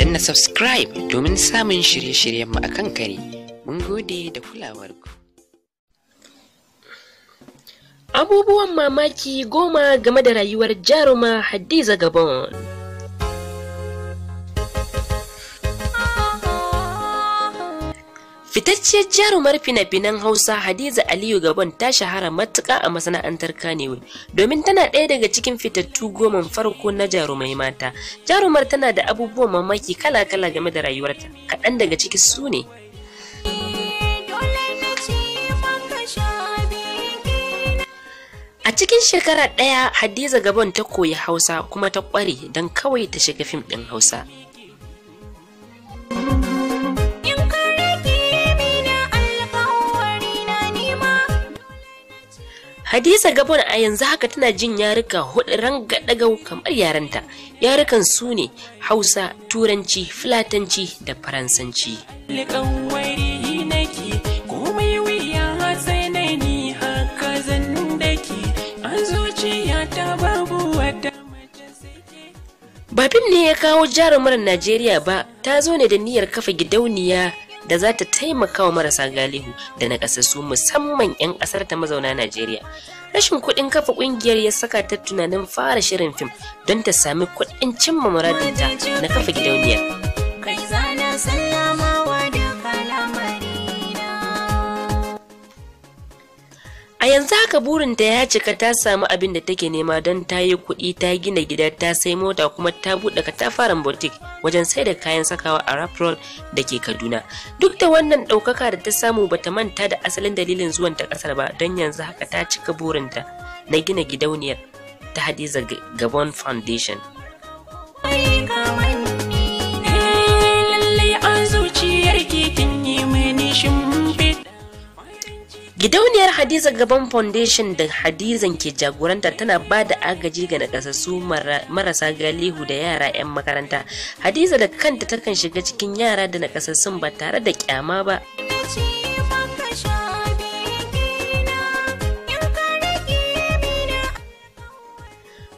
na subscribe domin samun shirye-shiryenmu a kan kare mun gode da kulawarku abubuwan mamaki goma game da rayuwar jaruma hadiza gabon Fitacciyar jarumar fina-finan Hausa Hadiza Aliyu Gabon ta shahara matuƙa a masana'antar Kanewe domin tana ɗaya daga cikin fitattu goma farko na jarumai mata. Jarumar tana da abubuwan mamaki kala-kala game da rayuwarta, kaɗan daga ciki su ne. A cikin shekara ɗaya Hadiza Gabon ta koyi Hausa kuma ta ƙware don kawai ta shiga fim ɗin Hausa. Hadiza Gabon a yanzu haka tana jin yaruka hudu rangadagau kamar yaranta. Yarukan su ne Hausa, Turanci, Fulatanci da Faransanci. Babin ne ya kawo jarumar Najeriya ba, ta zo ne da niyyar kafa gidauniya da za ta taimaka wa marasa galihu da na su musamman 'yan ƙasar ta mazauna Najeriya. Rashin kuɗin kafa ƙungiyar ya saka ta tunanin fara shirin fim don ta sami kuɗin cimma muradinta na kafa gidauniyar. Kai zana yanzu haka burinta ya cika ta samu abin da take nema don ta yi kuɗi ta gina gida ta sai mota kuma ta buɗe katafaren boutique wajen sai da kayan sakawa a raprol da ke kaduna duk da wannan ɗaukaka da ta samu bata manta da asalin dalilin zuwan ta ƙasar ba don yanzu haka ta cika burinta na gina gidauniyar ta hadiza gabon foundation Gidauniyar Hadiza Gaban Foundation da Hadizan ke jagoranta tana ba da agaji ga nakasassu marasa galihu da yara 'yan makaranta. Hadiza da kanta takan shiga cikin yara da nakasassun ba tare da kyama ba.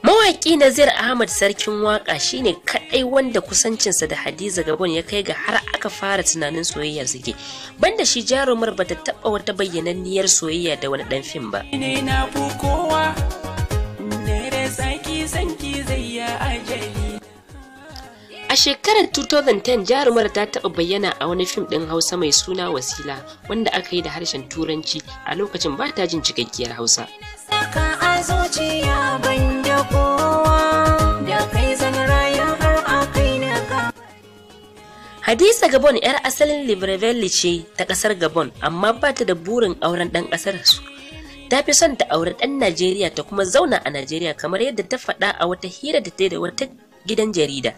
mawaƙi Nazir Ahmad sarkin waƙa shine kaɗai wanda kusancinsa da Hadiza Gabon ya kai ga har aka fara tunanin soyayyar suke banda shi jarumar bata taba wata bayyananniyar soyayya da wani dan fim ba A shekarar 2010 jarumar ta taɓa bayyana a wani fim ɗin Hausa mai suna Wasila wanda aka yi da harshen Turanci a lokacin ba ta jin cikakkiyar Hausa. Saka a zuciya Hadisa Gabon 'yar asalin Libreville ce ta ƙasar Gabon amma ba ta da burin auren ɗan ƙasar su. Ta fi son ta auri ɗan Najeriya ta kuma zauna a Najeriya kamar yadda ta faɗa a wata hira da ta yi da wata gidan jarida.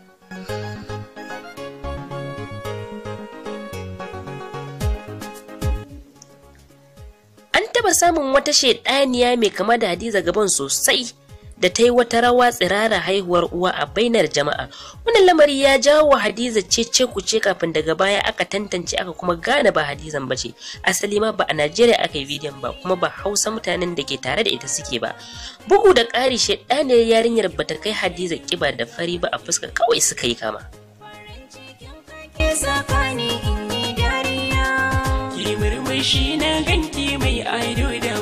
An taɓa samun wata shaidaniya mai kama da Hadiza Gabon sosai. da ta yi wata rawa tsirara haihuwar uwa a bainar jama'a wannan lamari ya jawo wa hadiza cece ce kafin daga baya aka tantance aka kuma gane ba hadizan ba ce asali ma ba a najeriya aka yi bidiyon ba kuma ba hausa mutanen da ke tare da ita suke ba bugu da ƙari shaidaniyar yarinyar ba ta kai hadiza ƙiba da fari ba a fuska kawai suka yi kama Ki murmushi na ganki mai da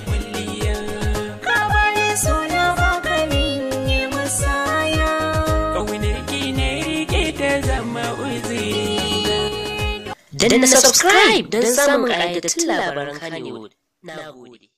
na subscribe don samun ƙayyadattun labaran Kannywood. Na gode.